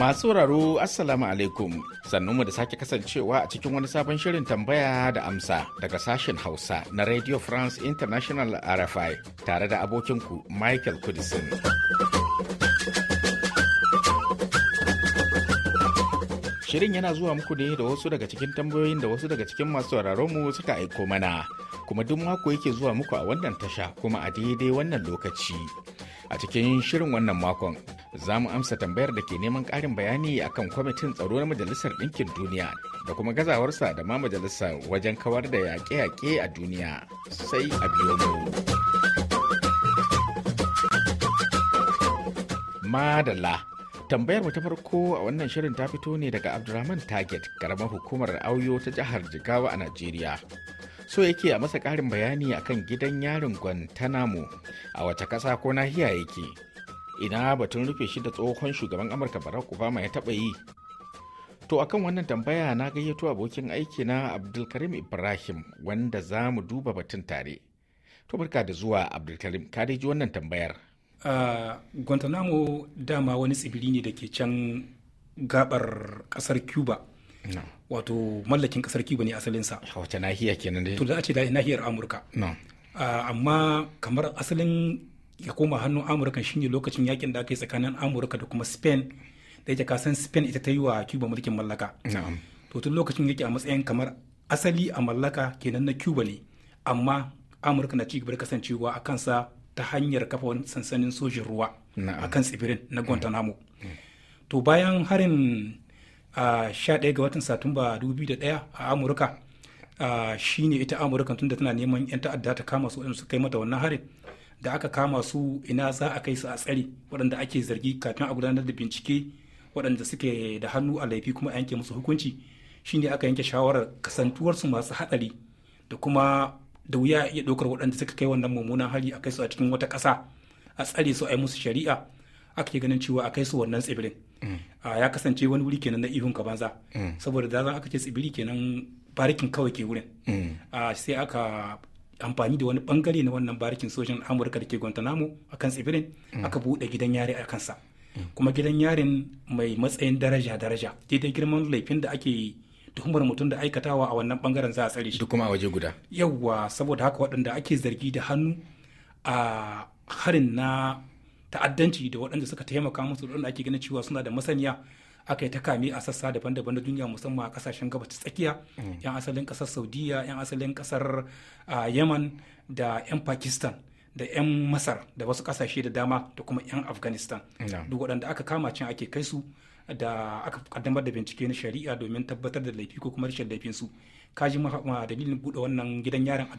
Masu sauraro Assalamu alaikum mu da sake kasancewa a cikin wani sabon shirin tambaya da amsa daga sashen Hausa na Radio France International RFI tare da abokinku Michael Kudisin. Shirin yana zuwa muku ne da wasu daga cikin tambayoyin da wasu daga cikin masu mu suka aiko mana, kuma duk mako yake zuwa muku a wannan tasha kuma a daidai wannan lokaci. A cikin shirin wannan makon za mu amsa tambayar da ke neman ƙarin bayani akan kwamitin tsaro na majalisar ɗinkin duniya da kuma gazawarsa da ma majalisa wajen kawar da yaƙe-yaƙe a duniya sai a biyo mu. Madala tambayar mu ta farko a wannan shirin ta fito ne daga Abdulrahman Target karamar hukumar Auyo ta jihar Jigawa a Najeriya. so yake a masa ƙarin bayani akan gidan yarin Guantanamo a wace ƙasa ko nahiya yake. ina batun rufe shi da tsohon shugaban amurka barack obama ya taɓa yi to akan wannan tambaya na gayyato abokin aiki na abdulkarim ibrahim wanda za mu duba batun tare to barka da zuwa abdulkarim ka ji wannan tambayar guantanamo dama wani tsibiri ne da ke can gabar kasar cuba wato mallakin kasar cuba ne asalinsa wace nahiya kenan dai to da a ce nahiyar amurka amma kamar asalin ya koma hannun amurka shine lokacin yakin da aka yi tsakanin amurka da kuma spain da yake kasan spain ita ta yi wa cuba mulkin mallaka to tun lokacin yake a matsayin kamar asali a mallaka kenan na cuba ne amma amurka na cigaba da kasancewa a kansa ta hanyar kafa wani sansanin sojin ruwa a kan tsibirin na guantanamo mm. Mm. to bayan harin a 11 ga watan satumba 2001 a amurka shine ita amurka tun da tana neman 'yan ta'adda ta kama su suka yi mata wannan harin da aka kama su ina za a kai su a tsari waɗanda ake zargi kafin a gudanar da bincike waɗanda suke da hannu a laifi kuma a yanke musu hukunci shine aka yanke shawarar kasantuwarsu masu haɗari da kuma da wuya iya ɗaukar waɗanda suka kai wannan mummunan hali a kai su a cikin wata ƙasa a tsare su a yi musu shari'a ake ganin cewa a kai su wannan tsibirin mm. ya kasance wani wuri kenan na ihun ka banza mm. saboda da za aka ce tsibiri kenan barikin kawai ke wurin mm. sai aka amfani da wani bangare na wannan barikin sojan amurka da ke guantanamo a kan tsibirin mm. aka buɗe gidan yare a kansa mm. kuma gidan yarin mai matsayin daraja daraja daidai girman laifin da ake tuhumar mutum da aikatawa a wannan bangaren za a tsare shi duk kuma a waje guda yawwa saboda haka waɗanda ake zargi da hannu a harin na ta'addanci da waɗanda suka taimaka musu waɗanda ake ganin cewa suna da masaniya aka yi ta kame a sassa daban-daban na duniya musamman a kasashen gabas tsakiya mm. yan asalin kasar saudiya yan asalin kasar yaman da yan pakistan da 'yan masar da wasu kasashe da dama da kuma 'yan afghanistan duk waɗanda aka kama can ake kai su da aka kaddamar da bincike na shari'a domin tabbatar da laifi ko kuma rashin laifin su kaji ma dalilin buɗe wannan gidan yaron a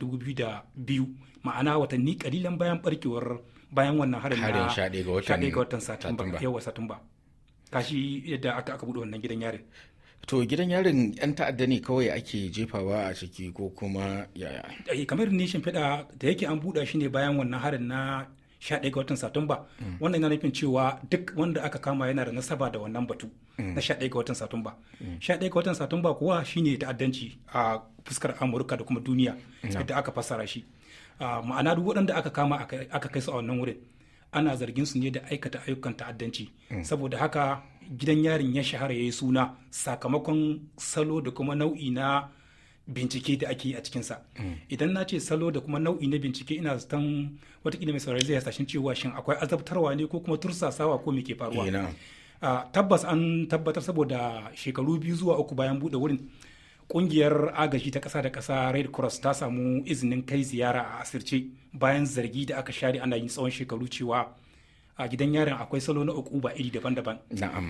biyu ma'ana watanni kalilan bayan barkewar bayan wannan harin na 11 ga watan satumba kashi yadda aka aka bude wannan gidan yarin to gidan yarin yan ta'adda ne kawai ake jefawa a ciki ko kuma yaya eh, kamar ni shimfiɗa da yake an buɗa shi ne bayan wannan harin na 11 ga watan satumba mm. wannan yana nufin cewa duk wanda aka kama yana da nasaba da wannan batu mm. na 11 ga watan satumba 11 mm. ga watan satumba kuwa shine ta'addanci a fuskar amurka da kuma duniya yadda aka fassara shi ah, ma'ana duk waɗanda aka kama aka kai su a wannan wurin ana zargin su ne da aikata ayyukan ta'addanci mm. saboda haka gidan yarin ya shahara ya yi suna sakamakon salo da kuma nau'i na bincike da ake yi a cikinsa mm. idan na ce salo da kuma nau'i na bincike ina zaton watakila mai saurari zai hasashen cewa shin akwai azabtarwa ne ko kuma tursasawa ko me ke faruwa eh, ah, tabbas an tabbatar saboda shekaru biyu zuwa uku bayan bude wurin ƙungiyar agaji ta ƙasa da ƙasa Red Cross ta samu izinin kai ziyara a asirce bayan zargi da aka share ana yin tsawon shekaru cewa a gidan yarin akwai salo na uku ba iri daban-daban.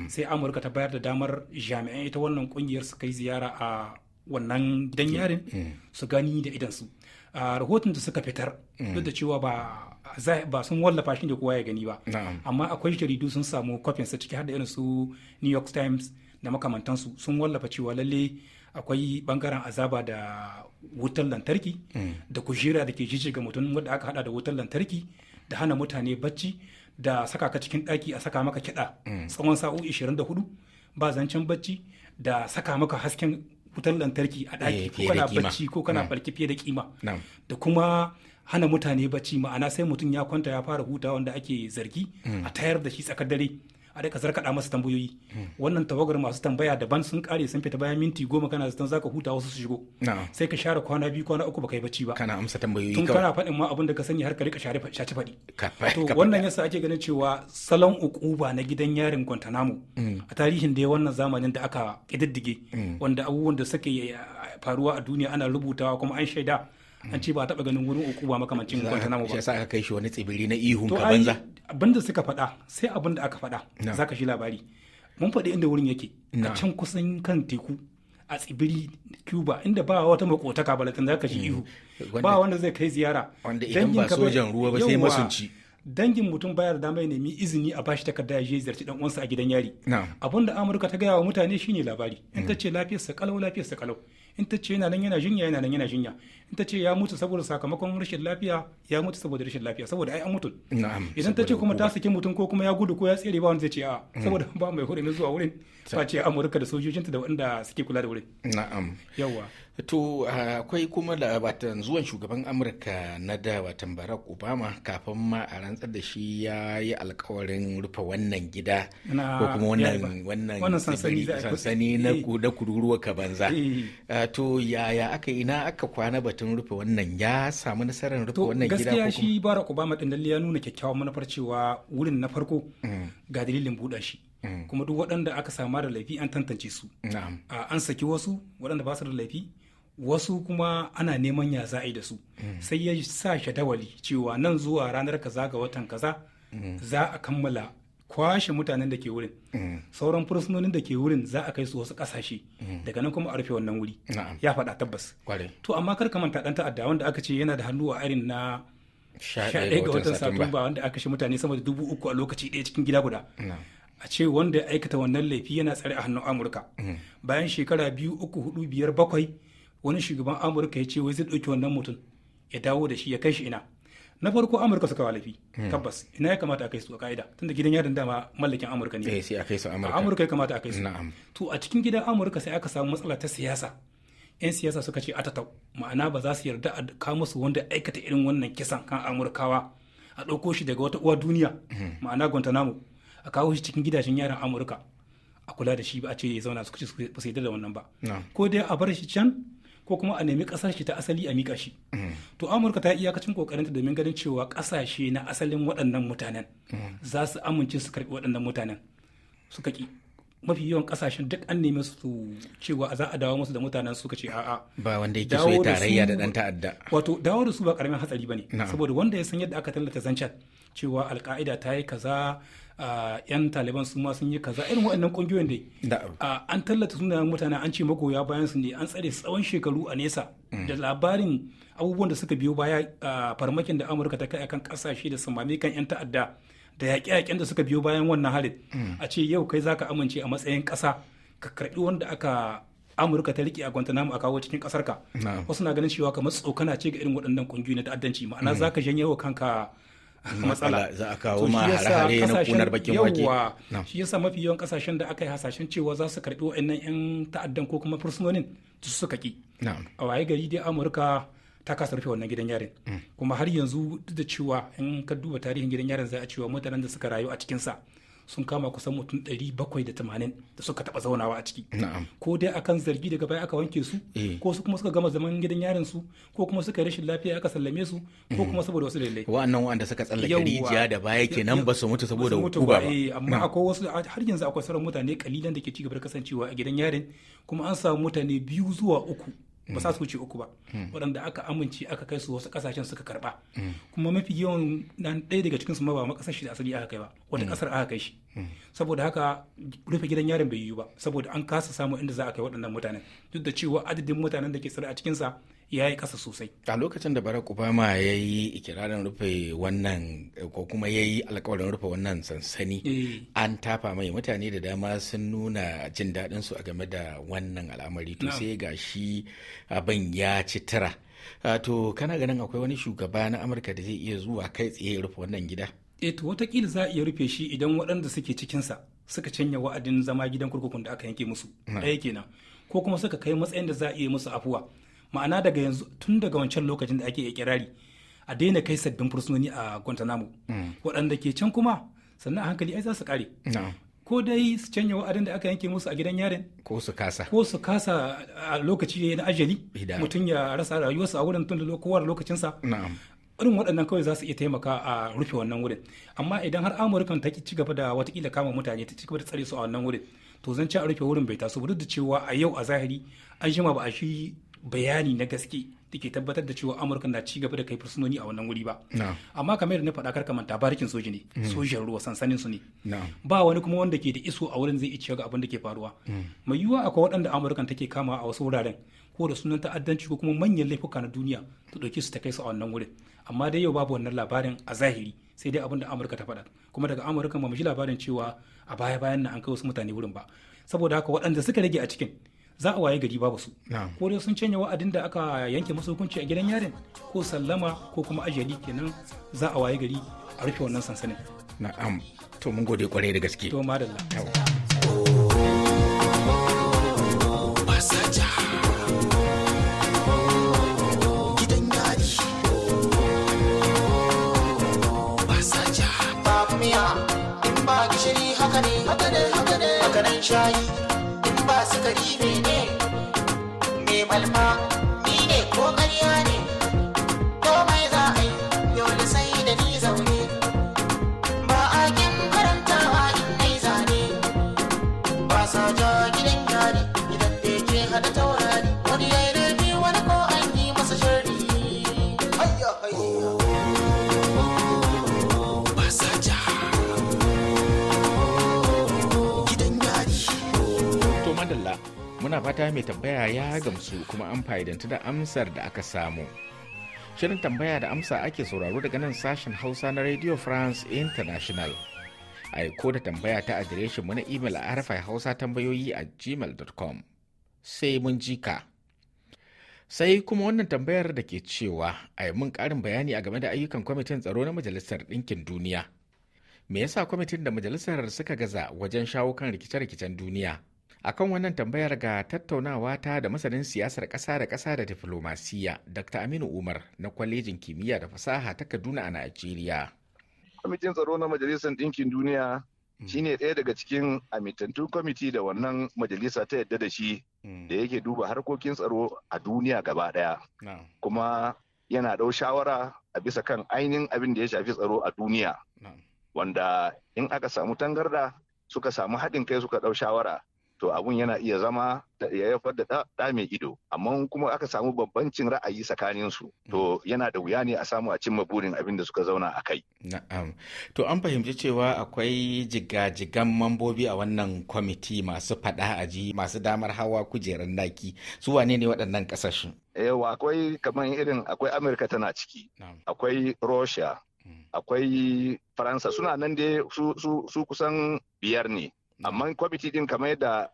Sai Amurka ta bayar da damar jami'an ita wannan kungiyar su kai ziyara a wannan gidan yarin eh. su gani da idansu. su rahoton da suka fitar mm. duk da cewa ba sun wallafa shi da kowa ya gani ba amma akwai jaridu sun samu kofin su ciki har da irin su New York Times da makamantansu sun wallafa cewa lalle akwai bangaren azaba da wutar lantarki mm. da kujera da ke jijjiga mutum wanda aka hada da wutar lantarki da hana mutane bacci da saka ka cikin ɗaki a saka maka kiɗa mm. tsawon sa'o'i 24 ba zancen bacci da saka maka hasken wutar lantarki a ɗaki eh, ko kana bacci ko kana mm. farki fiye da kima da kuma hana mutane bacci ma'ana sai mutum ya kwanta ya fara hutawa wanda ake zargi a tayar da shi tsakar dare a rika zarkaɗa masa tambayoyi wannan tawagar masu tambaya daban sun kare sun fita bayan minti goma kana zaton zaka huta wasu su shigo sai ka share kwana biyu kwana uku baka yi bacci ba kana amsa tambayoyi tun kana faɗin ma abin da ka sani har ka rika share shaci faɗi to wannan yasa ake ganin cewa salon ukuba na gidan yarin Guantanamo mm. a tarihin da wannan zamanin da aka kididdige mm. wanda abubuwan da suke eh, faruwa a duniya ana rubutawa kuma an shaida an ce ba taɓa ganin wurin uku ba makamancin guantanamo ba sai aka kai shi wani tsibiri na ihun ka banza abinda suka faɗa sai abinda aka faɗa Za ka shi labari mun faɗi inda wurin yake a can kusan kan teku a tsibiri cuba inda ba wata makotaka za ka shi hmm. ihu ba wanda zai kai ziyara wanda idan ba sojan ruwa ba sai masunci dangin mutum bayar da mai nemi izini a bashi takarda ya je ziyarci dan uwansa a gidan yari abin da amurka ta gaya wa mutane shine labari in ta hmm. ce lafiyarsa kalau lafiyarsa kalau in ta ce yana nan yana jinya yana nan yana jinya in ta ce ya mutu saboda sakamakon rashin lafiya ya mutu saboda rashin lafiya saboda ai an mutu idan ta ce kuma ta saki mutum ko kuma ya gudu ko ya tsere ba wanda zai ce a mm. saboda ba mai hurumin zuwa wurin ce amurka da sojojinta da wanda suke kula da wurin na'am yawa To akwai kuma da zuwan shugaban Amurka na da watan Barack Obama kafin ma a rantsar da shi ya yi alkawarin rufe wannan gida ko kuma wannan sansani na eh. kururuwa ka banza. Eh. To yaya aka ina aka kwana batun rufe wannan ya samu nasarar rufe wannan gida ko gaskiya shi Barack Obama din ya nuna kyakkyawan manufar cewa wurin na farko mm. ga dalilin buɗa shi. Mm. kuma duk waɗanda aka sama da laifi an tantance su an saki wasu waɗanda ba su da laifi wasu kuma ana neman ya za da su mm. sai ya sa shadawali cewa nan zuwa ranar kaza ga watan kaza mm. za a kammala kwashe mutanen da ke wurin mm. sauran fursunonin da ke wurin za a kai su wasu kasashe daga nan kuma a rufe wannan wuri ya faɗa tabbas to amma kar ka manta dan ta'adda wanda aka ce yana da hannu a irin na 11 ga watan satumba wanda aka shi mutane sama da dubu uku a lokaci ɗaya cikin gida guda a ce wanda ya aikata wannan laifi yana tsare a hannun amurka bayan shekara biyu uku hudu biyar bakwai wani shugaban amurka ya ce wai zai ɗauki wannan mutum ya dawo da shi ya kai shi ina na farko amurka suka walafi hmm. tabbas ina ya kamata a kai su a ka'ida tunda gidan yarin dama mallakin amurka ne eh, sai a su amurka amurka ya kamata a kai su to a cikin gidan amurka sai aka samu matsala ta siyasa yan siyasa suka ce a atatau ma'ana ba za su yarda a kama su wanda aikata irin wannan kisan kan amurkawa a ɗauko shi daga wata uwa duniya hmm. ma'ana guantanamo a kawo shi cikin gidajen yaran amurka a kula da shi ba a ce ya zauna suka su yarda da wannan ba ko dai a bar shi can ko kuma a nemi kasar shi ta asali a mika shi to amurka ta iyakacin ta domin ganin cewa ƙasashe na asalin waɗannan mutanen mm. za su amince su karɓi waɗannan mutanen suka ki mafi yawan kasashen duk an neme su cewa za a dawo musu da mutanen suka ce a'a ba wanda yake so ya tarayya da dan ta'adda wato dawo da su ba karamin hatsari bane saboda wanda ya san yadda aka tallata zancen cewa alka'ida ta yi kaza yan taliban su ma sun yi kaza irin waɗannan ƙungiyoyin dai an tallata sunayen mutane an ce magoya bayan su ne an tsare tsawon shekaru a nesa mm. da labarin abubuwan da suka biyo baya farmakin da amurka ta kai akan kasashe da samami kan yan ta'adda da yaƙe-yaƙen da suka biyo bayan wannan harin mm. a ce yau kai zaka amince a matsayin ƙasa ka karɓi wanda aka amurka ta rike a guantanamo a kawo cikin ƙasar ka wasu na ganin cewa kamar tsokana ce ga irin waɗannan ƙungiyoyi na ta'addanci ma'ana mm. zaka janye wa kanka mm. matsala za a kawo ma hare na kunar bakin wake shi yasa mafi yawan kasashen da aka yi hasashen cewa za su karɓi waɗannan 'yan ta'addan ko kuma fursunonin su suka ki a waye gari dai amurka ta kasa rufe wannan gidan yarin mm. kuma har yanzu duk da cewa in ka duba tarihin gidan yarin za a cewa mutanen da suka rayu a cikinsa sun kama kusan mutum ɗari bakwai da tamanin da suka taɓa zaunawa a ciki ko dai akan zargi daga baya aka wanke su eh. ko su kuma suka gama zaman gidan yarin su ko kuma suka rashin lafiya aka sallame su ko mm. kuma saboda wasu dalilai wa'annan wa'anda suka tsallake rijiya da baya kenan ba su mutu saboda hukuma ba eh, amma akwai wasu har yanzu akwai sauran mutane kalilan da ke cigaba da kasancewa a gidan yarin kuma an samu mutane biyu zuwa uku ba sa su wuce uku ba waɗanda aka amince aka kai su wasu ƙasashen suka karɓa hmm. kuma mafi yawan ɗaya daga cikin su ma ba ma ƙasar da asali aka kai ba wata hmm. ƙasar aka kai shi saboda haka rufe gidan yarin bai yiwu ba saboda an kasa samu inda za a kai waɗannan mutanen duk da cewa adadin mutanen da ke tsare a cikinsa ya yi ƙasa sosai a lokacin da barack obama ya yi ikirarin rufe wannan ko kuma ya yi alkawarin rufe wannan sansani eh. an tafa mai mutane da dama sun nuna jin daɗin su a game da wannan al'amari to sai ga shi abin ya ci tara to kana ganin akwai wani shugaba na amurka da zai iya zuwa kai tsaye rufe wannan gida eto eh watakila za a iya rufe shi idan waɗanda suke cikinsa suka canya wa'adin zama gidan kurkukun da aka yanke musu hmm. ɗaya kenan ko kuma suka kai matsayin da za a iya musu afuwa ma'ana daga yanzu tun daga wancan lokacin da ake kirari a daina kai sabbin fursunoni a guantanamo hmm. waɗanda ke can kuma sannan a hankali ai za su kare ko dai su canya wa'adin da aka yanke musu a gidan yarin ko su kasa ko su kasa a lokaci na ajali mutum ya rasa rayuwarsa a wurin tun da lokacinsa irin waɗannan kawai za su iya taimaka a rufe wannan wurin amma idan har amurkan ta ci gaba da watakila kama mutane ta ci gaba da tsare su a wannan wurin to zan ci a rufe wurin bai taso duk da cewa a yau a zahiri an jima ba a shi bayani na gaske da ke tabbatar da cewa amurka na ci gaba da kai fursunoni a wannan wuri ba amma kamar yadda na faɗa kar manta barikin soji ne mm. sojin ruwa sansanin su ne ba wani kuma wanda ke da iso a wurin zai iya ga abin da ke faruwa mm. mai yiwuwa akwai waɗanda amurkan take kama a wasu wuraren ko da sunan ta'addanci ko kuma manyan laifuka na duniya ta ɗauke su ta kai su a wannan wurin amma dai yau babu wannan labarin a zahiri sai dai abin da amurka ta faɗa kuma daga amurka ba mu ji labarin cewa a baya bayan nan an kai wasu mutane wurin ba saboda haka waɗanda suka rage a cikin za a waye gari babu su ko dai sun canye wa'adin da aka yanke musu hukunci a gidan yarin ko sallama ko kuma ajali kenan za a waye gari a rufe wannan sansanin na'am to mun gode kwarai da gaske to madalla shayi in ba su ka ne ne fata mai tambaya ya gamsu kuma an fa'idanta da amsar da aka samu shirin tambaya da amsa ake sauraro daga nan sashen hausa na radio france international aiko da tambaya ta adireshin mu na imel a harfai hausa tambayoyi a gmail.com sai mun ji ka sai kuma wannan tambayar da ke cewa a yi mun karin bayani a game da ayyukan kwamitin tsaro na majalisar ɗinkin duniya me yasa kwamitin da majalisar suka gaza wajen shawo kan rikice-rikicen duniya akan wannan tambayar ga tattaunawa ta da masanin siyasar ƙasa da kasa da diflomasiya dr aminu umar na kwalejin kimiyya da fasaha ta kaduna a najeriya kwamitin tsaro na majalisar ɗinkin duniya hmm. shine ɗaya daga cikin amintattun kwamiti da wannan majalisa ta yadda da shi hmm. da yake duba harkokin tsaro a duniya gaba ɗaya kuma yana ɗau shawara a bisa kan ainihin abin da ya shafi tsaro a duniya wanda in aka samu tangarda suka samu haɗin kai suka ɗau shawara to abun yana iya zama ya haifar da ɗa mai ido amma kuma aka samu bambancin ra'ayi tsakanin su to mm. yana da wuya ne a samu a cimma burin abin da suka zauna a kai na'am to an fahimci cewa akwai jigajigan mambobi a wannan kwamiti masu faɗa aji masu damar hawa kujerar naki su wane ne waɗannan ƙasashen yawa eh, akwai kamar irin akwai amurka tana ciki akwai russia mm. akwai faransa suna nan dai su kusan biyar ne amma kwamiti din kamar yadda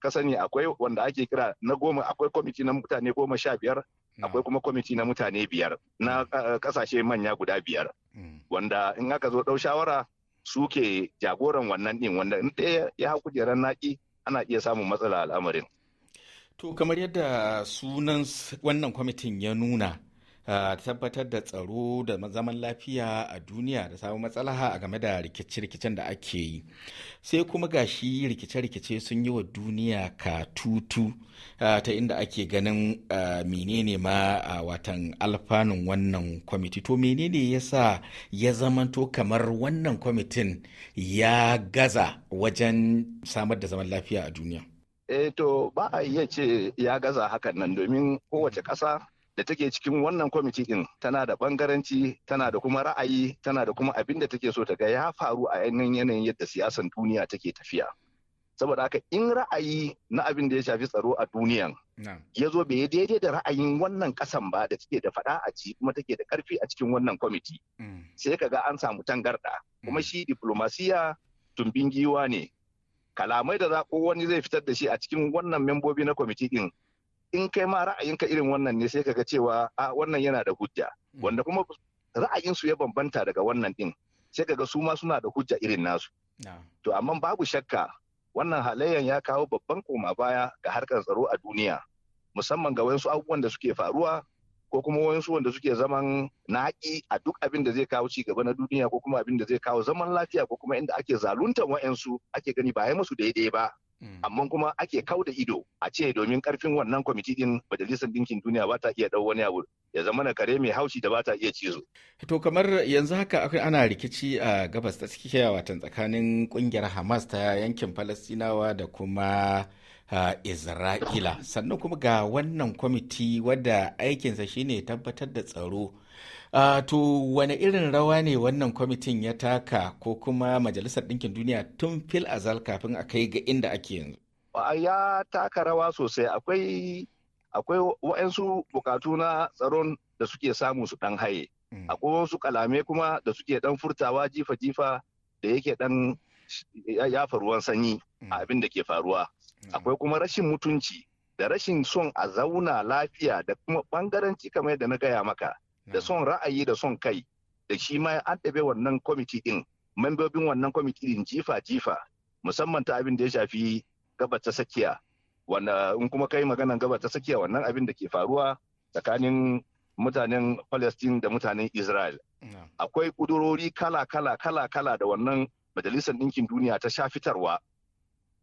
ka sani akwai wanda ake kira na goma akwai kwamiti na mutane goma sha biyar akwai kuma kwamiti na mutane biyar na mm. kasashe manya guda biyar mm. wanda in aka zo ɗau shawara suke jagoran wannan din wanda in ɗaya ya hau kujerar naƙi ana iya samun matsala al'amarin. To kamar yadda sunan wannan kwamitin ya nuna a tabbatar da tsaro da zaman lafiya a duniya da samun matsalaha a game da rikice-rikicen da ake yi sai kuma gashi rikice-rikice sun yi wa duniya ka tutu ta inda ake ganin menene ma a watan alfanun wannan kwamiti to menene ya sa ya zamanto kamar wannan kwamitin ya gaza wajen samar da zaman lafiya a duniya eto eh, to ba a iya ce ya gaza hakan nan domin kowace ƙasa da take cikin wannan kwamiti din tana da bangaranci tana da kuma ra'ayi tana da kuma abin da take so ta ga ya faru a yanayin yanayin yadda siyasan duniya take tafiya saboda haka in ra'ayi na abin da ya shafi tsaro a duniyan ya zo bai daidai da ra'ayin wannan kasan ba da take da fada a ci kuma take da karfi a cikin wannan kwamiti mm. sai ka ga an samu tangarda kuma mm. shi diplomasiya tumbin giwa ne kalamai da zaƙo wani zai fitar da shi a cikin wannan membobi na kwamiti din in kai ma ra'ayinka irin wannan ne sai kaga cewa a wannan yana da hujja hmm. wanda kuma ra'ayinsu ya bambanta daga wannan din sai kaga su ma suna da hujja irin nasu to amma babu shakka wannan halayyan ya kawo babban koma baya ga harkar tsaro a duniya musamman ga wasu abubuwan da suke faruwa ko kuma wasu wanda suke zaman naƙi a duk abin da zai kawo ci gaba na duniya ko kuma abin da zai kawo zaman lafiya ko kuma inda ake zaluntan wa'ansu ake gani ba ya musu daidai ba Mm. amma kuma ake kau da ido a ce domin karfin wannan kwamiti din majalisar dinkin duniya ba ta iya dau wani abu ya zama na kare mai haushi da ba ta iya cizo. To kamar yanzu haka akwai ana rikici a gabas ta tsakiya watan tsakanin kungiyar Hamas ta yankin Falastinawa da kuma Isra'ila sannan kuma ga wannan kwamiti wadda aikinsa shine tabbatar da tsaro Uh, to wane irin rawa ne wannan kwamitin ya taka ko kuma majalisar ɗinkin duniya tun fil azal kafin a kai ga inda ake yanzu? Ya taka rawa sosai akwai akwai waɗansu bukatu na tsaron da suke samu su ɗan haye. Mm. Akwai wasu kalame kuma da suke ɗan furtawa jifa-jifa da yake ɗan yafa ruwan sanyi a mm. abin da ke faruwa. Mm. Akwai kuma rashin mutunci da rashin son a zauna lafiya da kuma ɓangaranci kamar yadda na gaya maka. da mm. son ra'ayi da son kai da shi ma an ɗabe wannan kwamiti ɗin membobin wannan kwamiti ɗin jifa jifa musamman ta abin da ya shafi gabar ta tsakiya wanda in kuma kai maganan gabar ta tsakiya wannan abin da ke faruwa tsakanin mutanen Palestine da mutanen Israel. Akwai kudurori kala-kala kala-kala da wannan Majalisar Ɗinkin Duniya ta sha fitarwa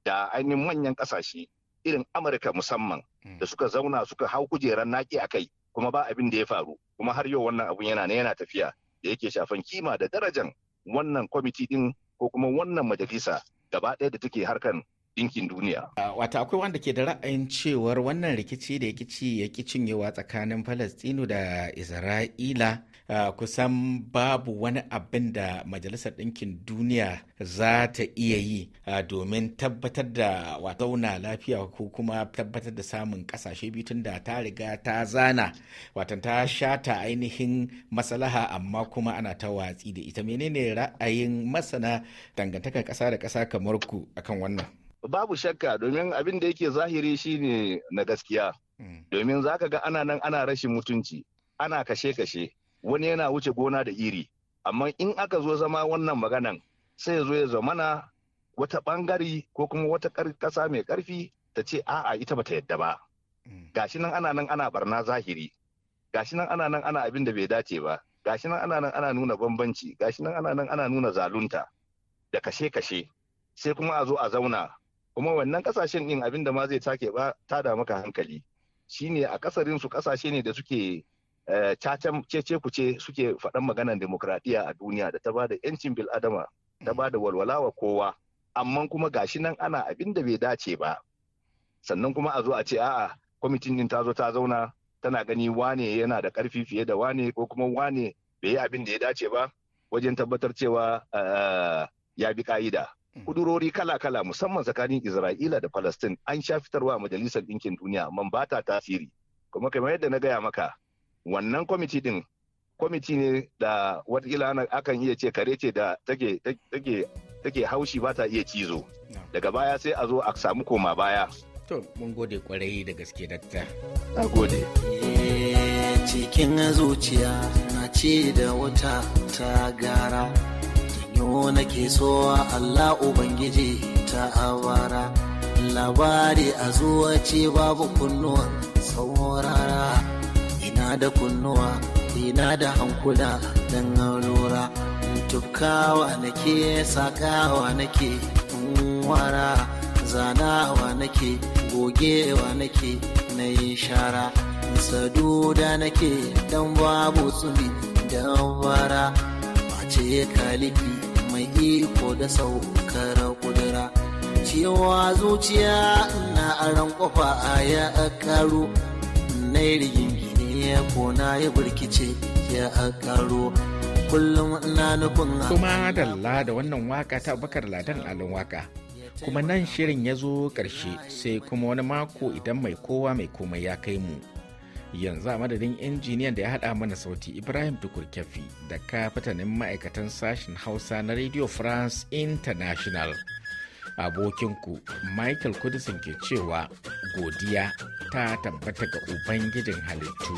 da ainihin manyan ƙasashe irin Amurka musamman mm. da suka zauna suka hau kujerar naƙi a kai kuma ba abin da ya faru kuma har yau wannan abun yana ne yana tafiya da yake shafan kima da darajan wannan kwamiti din ko kuma wannan majalisa gaba ɗaya da take harkan ɗinkin duniya. Wata akwai wanda ke da ra'ayin cewar wannan rikici da ya ci ya ki cinyewa tsakanin Falastinu da Isra'ila Ah, kusan babu wani abin da majalisar ɗinkin duniya za ta iya yi ah, domin tabbatar da zauna lafiya ko kuma tabbatar da samun ƙasashe biyu tun da ta riga ta zana wata ta shata ainihin maslaha amma kuma ana ta watsi da ita menene ra'ayin masana dangantakar ƙasa da ƙasa kamar ku akan wannan babu shakka domin abin da yake zahiri shine na gaskiya hmm. domin zaka ga ana nan ana rashin mutunci ana kashe-kashe wani yana wuce gona da iri amma in aka zo zama wannan maganan sai zo ya zamana wata bangare ko kuma wata kasa mai karfi ta ce a'a ita bata yadda ba mm. gashi nan ana nan ana barna zahiri gashi nan ana nan ana abin da bai dace ba gashi nan ana nan ana nuna bambanci gashi nan ana nan ana nuna zalunta da kashe-kashe sai kuma a zo a zauna kuma wannan kasashen din abin da ma zai take ba ta da maka hankali shine a kasarin su kasashe ne da suke Eh, cacen cece ce suke faɗan maganar demokradiyya a duniya da ta bada yancin bil'adama ta bada walwala wa kowa amma kuma gashi nan ana abin da bai dace ba sannan kuma a zo a ce a'a kwamitin din ta zo ta zauna tana gani wane yana da karfi fiye da wane ko kuma wane bai yi abin da ya dace ba wajen tabbatar cewa eh, ya bi ka'ida mm. kudurori kala-kala musamman tsakanin isra'ila da palestine an sha fitarwa majalisar ɗinkin duniya amma ba ta tasiri kuma kamar yadda na gaya maka wannan kwamiti din kwamiti ne da watakila akan iya ce kare ce da take haushi ba ta iya cizo daga baya sai a zo a samu koma baya to mun gode kwarai da gaske dakta a gode eh, cikin zuciya na ce da wata ta gara janyo nake so Allah ubangiji ta awara labari a zuwa ce babu kunnuwar saurara Na da kunnuwa ina da hankula dan aurora tukawa nake sakawa nake wara zanawa nake gogewa nake na yi shara saduda nake dan babu tsumi dan bara mace kalifi mai iko da saukar kudura cewa zuciya na aran kofa a ya karu na ya kona ya burkice ya akaro kullum na nufin kuma dalla da wannan waka ta bakar ladan alin waka kuma nan shirin ya zo karshe sai kuma wani mako idan mai kowa mai komai ya kai mu yanzu a madadin injiniyan da ya haɗa mana sauti ibrahim tukurkefi da kafatanin ma'aikatan sashen hausa na radio france international abokinku michael kudisin ke cewa godiya ta tabbata ga ubangijin halittu